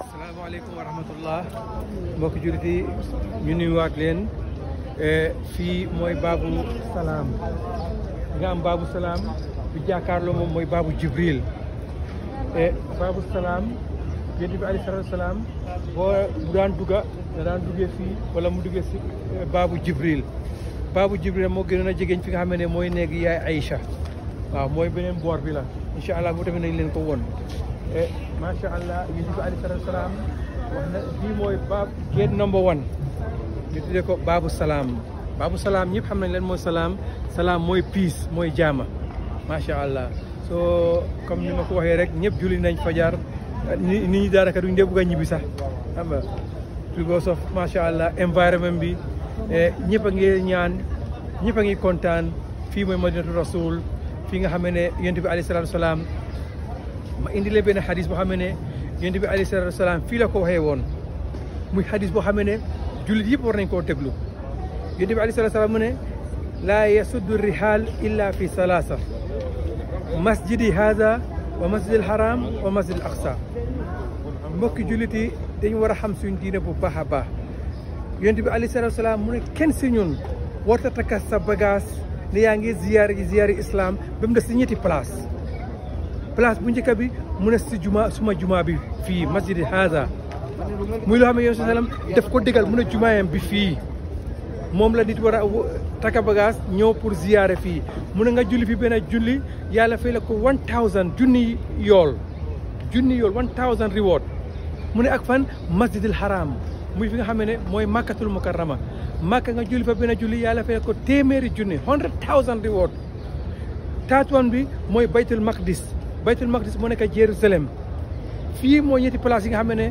asalaamaaleykum wa rahmatullah mbokki jullit yi ñu nuyuwaat leen e, fii mooy baabu salaam nga am baabu salaam bi jàkkaarloo moom mooy baabu jibril e, baabu salaam yonent bi alayhi salaatu salaam boo daan dugga da daan duggee fii wala mu duggee si e, baabu jibril baabu jibril moo gënoon na jegeñ fi nga xam ne mooy néegi yaay Aïcha ah moy benen bor bi la inshallah allah bu tamit nañ leen ko woon e eh, allah yonent bi alayhi salaatu salaam wax na bii mooy baab gate number 1 ñu tudé ko babu salam babu salam ñëpp xam nañ leen moy salam salam moy peace jama ma sha allah so comme ni mako waxé rek ñëpp julli nañ fajar ni ñi ka duñ debu bugg a sax xam nga sof ma sha allah environment bi eh, ñëpp a ngi ñaan ñëpp a ngi kontaan fii madinatu rasul fi nga xamee ne bi alayhi ma indi le hadis hadith bo xamee ne yonent bi alayhi salaatu salaam fii la ko waxee won muy hadith bo xamee julit war nañ bi alayhi ne la yasuddu rihal illa fi salasa. masjidi haza, wa masjid al haram wa masjid al aqsa mbokki juliti dañ wara xam suñu diine bu baax a baax yonent bi alayhi salaatu mu ne kenn si ñun warta takka sa bagage ne yaa ngi ziyaar yi ziyaar islam ba mu des si ñetti place place bu njëkk bi mu ne si juma suma jumaa bi fii masjidi haza muy loo xam ne yoon daf ko digal mu ne jumaayam bi fii moom la nit war a taka bagage ñëw pour ziyaare fii mu ne nga julli fi benn julli yàlla fay la ko one thousand junni yool junni yool one thousand reward mu ne ak fan masjidil haram muy fi nga xamé né moy makkatul mukarrama makka nga julli fa bena julli yalla fay ko téeméeri junni hundred reward tatwan bi moy baytul maqdis baytul maqdis moo nekk jerusalem Fi mo ñetti place yi nga xamé ne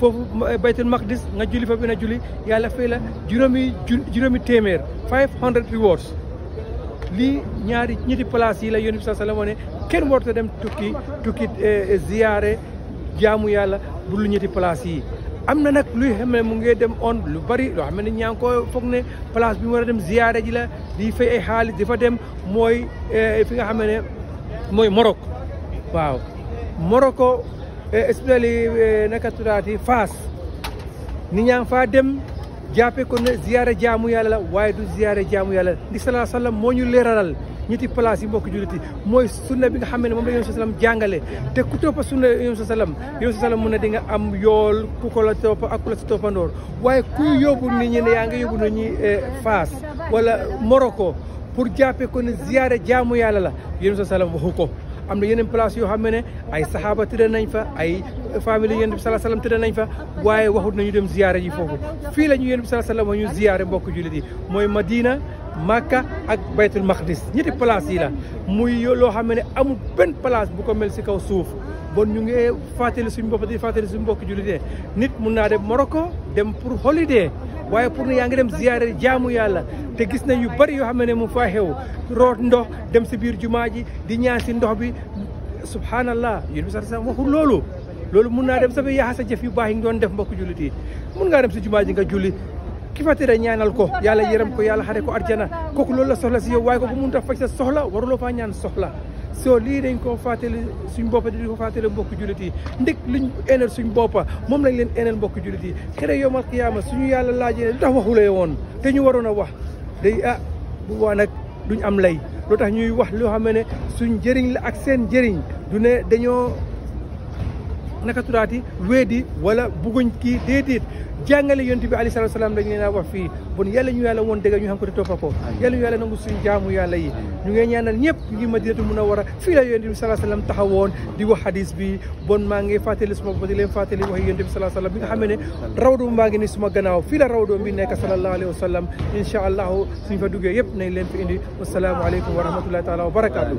fofu baytul maqdis nga julli fa bena julli yalla fay la juromi juromi téeméer five hundred rewards Li ñaari ñetti place yi la yunus sallallahu alayhi wasallam ken kenn warta dem tukki tukki eh, ziaré jaamu yalla bu lu ñetti place am na nag luy xam mu ngi dem on lu bari loo xam ne ñaa ngi ko foog ne place bi war a dem ziyaare ji la di fay ay xaalis di fa dem mooy eh, fi nga xam ne mooy Maroc waaw Morocco eh, espitali eh, naka tuddaati Faas ni ñaa faa dem jàppe ko ne ziyaare jaamu yàlla la waaye du ziyaare jaamu yàlla di salaa moo ñu leeralal ñetti place yi mbokk jullit yi mooy sunna bi nga xam ne moom la yoon sa jàngale te ku toppa sunna yoon sa salaam yoon sa di nga am yool ku ko la toppa ku la si waaye ku yóbbu nit ñi ne yaa ngi yóbbu nit ñi eh, Faas wala Morocco pour jàppee ko ne ziyaare jaamu yàlla la yoon sa salaam waxu ko am na yeneen place yoo xam ne ay saxaaba tëdd nañ fa ay famille yonent bi salaa salaam tëdd nañ fa waaye waxut nañu dem ziyaare ji foofu fii la ñu yonent bi salaa salaam ñu ziyaare bokk jullit yi mooy Madina Maka ak baytul maqdis ñetti place yi la muy loo xam ne amul ben place bu ko mel ci kaw suuf bon ñu ngi fàttali suñu bop di suñu mbokk julité nit mun na dem Morocco dem pour holiday waye pour ne yaa ngi dem ziaré jaamu yalla té gis na yu bari yo xamné mu fa xew ndox dem ci bir jumaa ji di ñaan ci ndox bi subhanallah yu bi sax waxul lolu lolu mun na dem sama yaxa sa jëf yu baax yi nga doon def mbokk julité nga dem ci jumaa ji nga julli ki fa tere ñaanal ko yàlla yërëm ko yàlla xare ko arjana kooku loolu la soxla si yow waaye kooku mënut a faj sa soxla waruloo faa ñaan soxla so lii dañ koo fàttali suñ boppa ko fàttali mbokk jullit yi ndek luñ enal suñ boppa moom lañ leen enal mbokk jullit yi xëy yow mal qiyaama suñu yàlla laajee ne lu tax waxulee woon te ñu waroon a wax day a ah, bu boobaa nag ñu am lay loo tax ñuy wax loo xam ne suñ jëriñ la ak seen jëriñ du dañoo naka tuddaati weedi wala bugguñ kii déedéet jàngale yonent bi aleyhi salaatu salaam dañ leen a wax fii bon yàlla ñu yàlla woon dëgg ñu xam ko te toppa ko yàlla ñu yàlla nangu suñ jaamu yàlla yi ñu ngay ñaanal ñëpp ngi madinatu munawwara fii la yonent bi salaatu salaam taxawoon di wax hadis bi bon maa ngi fàttali suma ba di leen fàttali wax yonent bi salaam bi nga xam ne rawdu maa ngi ni suma gannaaw fii la rawdu bi nekk sallallahu alayhi wa sallam insha allahu suñ fa duggee yëpp nañ leen fi indi wasalaamu aleykum wa rahmatullahi taala wa barakaatu